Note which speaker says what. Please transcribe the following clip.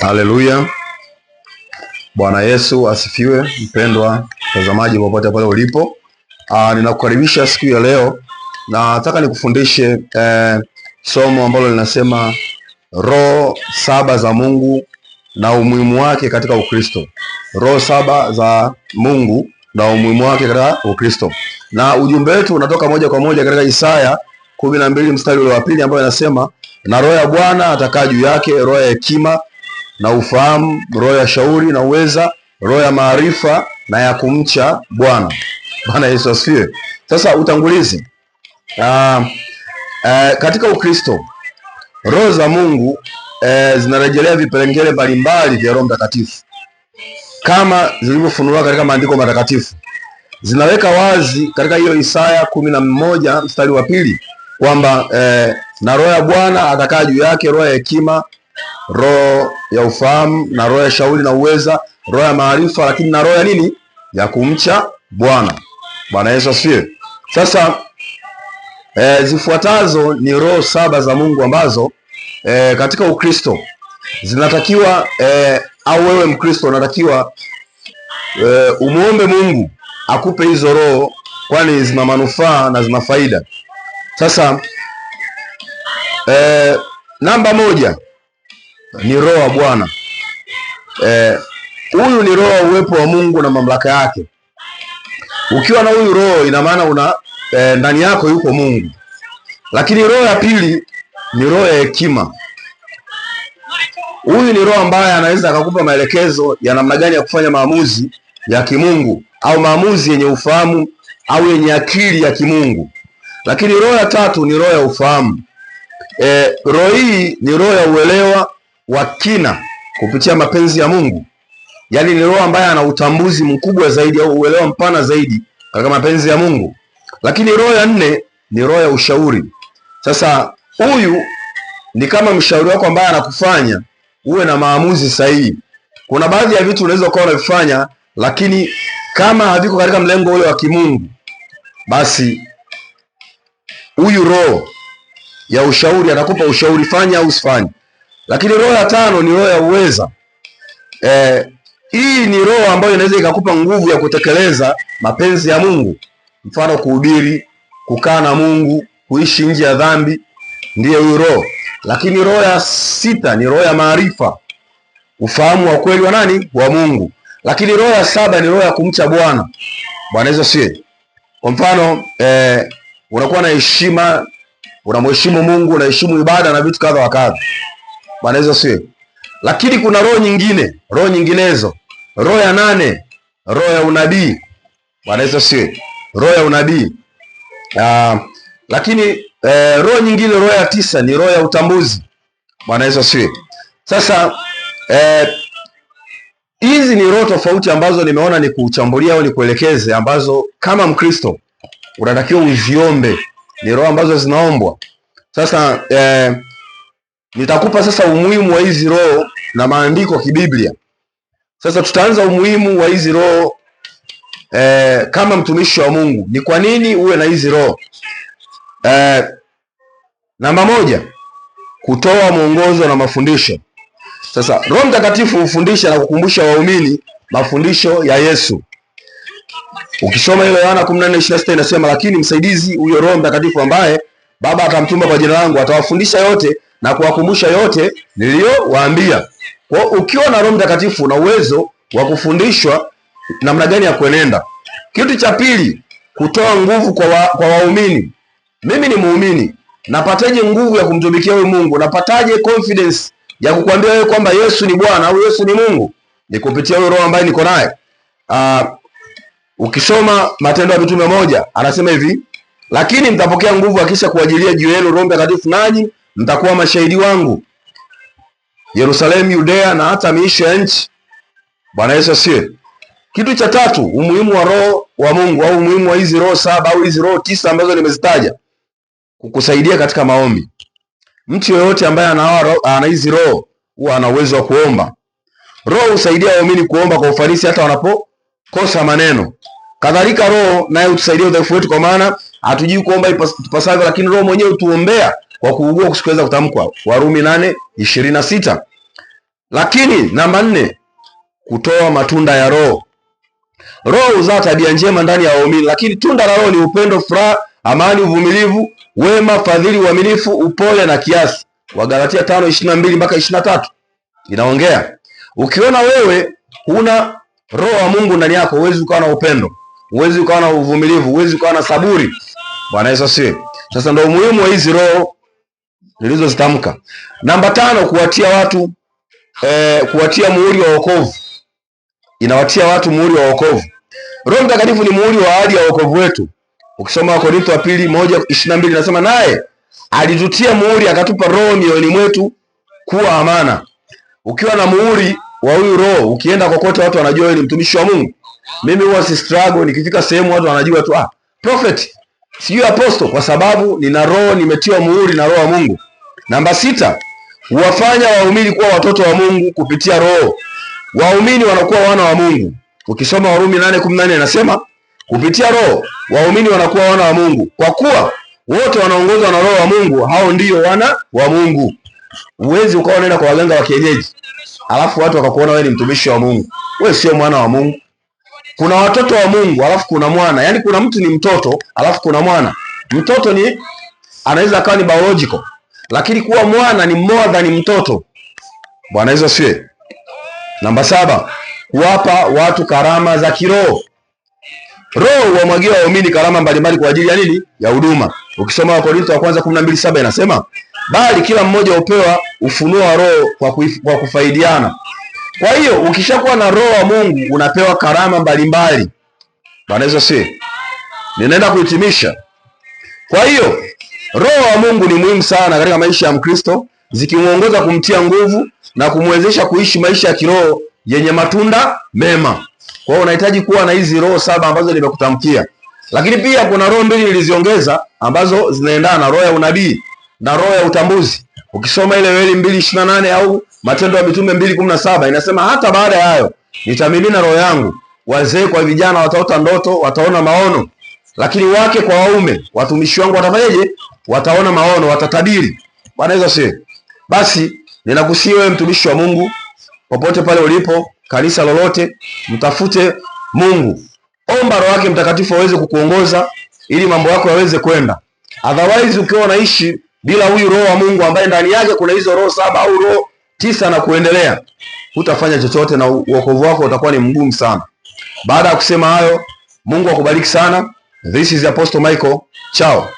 Speaker 1: Haleluya, Bwana Yesu asifiwe. Mpendwa mtazamaji, popote pale ulipo, ah, ninakukaribisha siku ya leo. Nataka nikufundishe eh, somo ambalo linasema roho saba za Mungu na umuhimu wake katika Ukristo. Roho saba za Mungu na umuhimu wake katika Ukristo, na ujumbe wetu unatoka moja kwa moja katika Isaya kumi na mbili mstari ule wa pili ambayo inasema, na roho ya Bwana atakaa juu yake, roho ya hekima na ufahamu, roho ya shauri na uweza, roho ya maarifa na ya kumcha Bwana. Bwana Yesu asifiwe. Sasa utangulizi. Uh, uh, katika Ukristo roho za Mungu uh, zinarejelea vipengele mbalimbali vya Roho Mtakatifu kama zilivyofunuliwa katika maandiko matakatifu. Zinaweka wazi katika hiyo Isaya kumi na mmoja mstari wa pili kwamba uh, na roho ya Bwana atakaa juu yake, roho ya hekima roho ya ufahamu na roho ya shauri na uweza, roho ya maarifa, lakini na roho ya nini? Ya kumcha Bwana. Bwana Yesu asifiwe. Sasa e, zifuatazo ni roho saba za Mungu ambazo e, katika Ukristo zinatakiwa e, au wewe Mkristo unatakiwa e, umuombe Mungu akupe hizo roho, kwani zina manufaa na zina faida. Sasa e, namba moja ni roho wa Bwana. Eh, huyu eh, ni roho wa uwepo wa Mungu na mamlaka yake. Ukiwa na huyu roho, ina maana una eh, ndani yako yuko Mungu. Lakini roho ya pili ni roho ya hekima. Huyu ni roho ambaye anaweza akakupa maelekezo ya namna gani ya kufanya maamuzi ya kimungu au maamuzi yenye ufahamu au yenye akili ya kimungu. Lakini roho ya tatu ni roho ya ufahamu. Eh, roho hii ni roho ya uelewa wa kina kupitia mapenzi ya Mungu. Yaani ni roho ambaye ana utambuzi mkubwa zaidi au uelewa mpana zaidi katika mapenzi ya Mungu. Lakini roho ya nne ni roho ya ushauri. Sasa huyu ni kama mshauri wako ambaye anakufanya uwe na maamuzi sahihi. Kuna baadhi ya vitu unaweza ukawa unavifanya, lakini kama haviko katika mlengo ule wa kimungu, basi huyu roho ya ushauri atakupa ushauri, fanya au usifanye. Lakini roho ya tano ni roho ya uweza. Eh, hii ni roho ambayo inaweza ikakupa nguvu ya kutekeleza mapenzi ya Mungu, mfano kuhubiri, kukaa na Mungu, kuishi nje ya dhambi, ndiyo huyu roho. Lakini roho ya sita ni roho ya maarifa, ufahamu wa kweli wa nani? Wa Mungu. Lakini roho ya saba ni roho ya kumcha Bwana. Bwana Yesu sie, kwa mfano eh, unakuwa na heshima, unamheshimu Mungu, unaheshimu ibada na vitu kadha wa kadha. Bwana Yesu Lakini kuna roho nyingine, roho nyinginezo, roho ya nane, roho ya unabii. Bwana Yesu roho ya unabii. Ah, lakini eh, roho nyingine, roho ya tisa ni roho ya utambuzi. Bwana Yesu asiwe. Sasa eh, hizi eh, ni roho tofauti ambazo nimeona ni kuchambulia au ni kuelekeze, ambazo kama Mkristo unatakiwa uziombe, ni roho ambazo zinaombwa. Sasa eh, Nitakupa sasa umuhimu wa hizi roho na maandiko kibiblia. Sasa tutaanza umuhimu wa hizi roho e, kama mtumishi wa Mungu, ni kwa nini uwe na hizi roho e, namba moja, kutoa mwongozo na mafundisho. Sasa Roho Mtakatifu hufundisha na kukumbusha waumini mafundisho ya Yesu. Ukisoma ile Yohana 14:26 inasema, lakini msaidizi huyo Roho Mtakatifu ambaye Baba atamtuma kwa jina langu atawafundisha yote na kuwakumbusha yote niliyowaambia. Kwa ukiwa na Roho Mtakatifu na uwezo wa kufundishwa namna gani ya kuenenda. Kitu cha pili, kutoa nguvu kwa, wa, kwa waumini. Mimi ni muumini, napataje nguvu ya kumtumikia wewe Mungu? Napataje confidence ya kukwambia wewe kwamba Yesu ni Bwana au Yesu ni Mungu? Ni kupitia huyo Roho ambaye niko naye. Uh, ukisoma Matendo ya Mitume moja anasema hivi, lakini mtapokea nguvu akisha kuajilia juu yenu Roho Mtakatifu nanyi mtakuwa mashahidi wangu Yerusalemu, Yudea na hata miisho ya nchi. Bwana Yesu asiye. Kitu cha tatu, umuhimu wa roho wa Mungu au umuhimu wa hizi roho saba au hizi roho tisa ambazo nimezitaja kukusaidia katika maombi. Mtu yeyote ambaye ana hizi roho huwa ana uwezo wa kuomba. Roho husaidia waumini kuomba kwa ufanisi hata wanapokosa maneno. Kadhalika Roho naye hutusaidia udhaifu wetu, kwa maana hatujui kuomba ipasavyo, lakini Roho mwenyewe hutuombea kwa kuugua kusikuweza kutamkwa, Warumi nane ishirini na sita. Lakini namba nne, kutoa matunda ya Roho. Roho huzaa tabia njema ndani ya waumini, lakini tunda la Roho ni upendo, furaha, amani, uvumilivu, wema, fadhili, uaminifu, upole na kiasi. Wagalatia tano ishirini na mbili mpaka ishirini na tatu inaongea. Ukiona wewe huna roho wa Mungu ndani yako, huwezi ukawa na upendo, huwezi ukawa na uvumilivu, huwezi ukawa na saburi. Bwana Yesu asifiwe. Sasa ndio umuhimu wa hizi roho nilizozitamka. Namba tano, kuwatia watu eh, kuwatia muhuri wa wokovu, inawatia watu muhuri wa wokovu. Roho Mtakatifu ni muhuri wa ahadi ya wokovu wetu. Ukisoma Wakorintho wa pili moja ishirini na mbili inasema naye alitutia muhuri akatupa roho mioyoni mwetu kuwa amana. Ukiwa na muhuri wa huyu roho, ukienda kokote watu wanajua wewe ni mtumishi wa Mungu. Mimi huwa si struggle, nikifika sehemu watu wanajua tu ah, prophet sijui aposto, kwa sababu nina roho, nimetiwa muhuri na roho ya Mungu. Namba sita, huwafanya waumini kuwa watoto wa Mungu kupitia roho. Waumini wanakuwa wana wa Mungu. Ukisoma Warumi 8:18 inasema kupitia roho waumini wanakuwa wana wa Mungu, kwa kuwa wote wanaongozwa na roho wa Mungu, hao ndiyo wana wa Mungu. Huwezi ukawa unaenda kwa waganga wa kienyeji alafu watu wakakuona wewe ni mtumishi wa Mungu. Wewe sio mwana wa Mungu kuna watoto wa Mungu alafu kuna mwana, yaani kuna mtu ni mtoto alafu kuna mwana. Mtoto ni anaweza akawa ni biological, lakini kuwa mwana ni more than mtoto. Bwana hizo sie. Namba saba, kuwapa watu karama za kiroho. Roho huwamwagia waumini karama mbalimbali kwa ajili ya nini? Ya huduma. Ukisoma Wakorintho wa kwanza 12:7 inasema, bali kila mmoja hupewa ufunuo wa Roho kwa kufaidiana kwa hiyo ukishakuwa na roho wa Mungu unapewa karama mbalimbali. Bwana Yesu si. Ninaenda kuhitimisha. Kwa hiyo roho wa Mungu ni muhimu sana katika maisha ya Mkristo, zikimuongoza kumtia nguvu na kumwezesha kuishi maisha ya kiroho yenye matunda mema. Kwa hiyo unahitaji kuwa na hizi roho saba ambazo nimekutamkia, lakini pia kuna roho mbili niliziongeza ambazo zinaendana na roho ya unabii na roho ya utambuzi. Ukisoma ile Yoeli mbili ishirini na nane au Matendo ya Mitume mbili kumi na saba inasema hata baada ya hayo nitamimina roho yangu, wazee kwa vijana wataota ndoto, wataona maono, lakini wake kwa waume watumishi wangu watafanyaje? Wataona maono, watatabiri. Bwana Yesu asifiwe. Basi ninakusihi wewe mtumishi wa Mungu, popote pale ulipo, kanisa lolote, mtafute Mungu, omba Roho yake Mtakatifu aweze kukuongoza ili mambo yako yaweze kwenda. Otherwise ukiwa unaishi bila huyu roho wa Mungu ambaye ndani yake kuna hizo roho saba au roho tisa na kuendelea, hutafanya chochote na uokovu wako utakuwa ni mgumu sana. Baada ya kusema hayo, Mungu akubariki sana. This is Apostle Michael. Chao.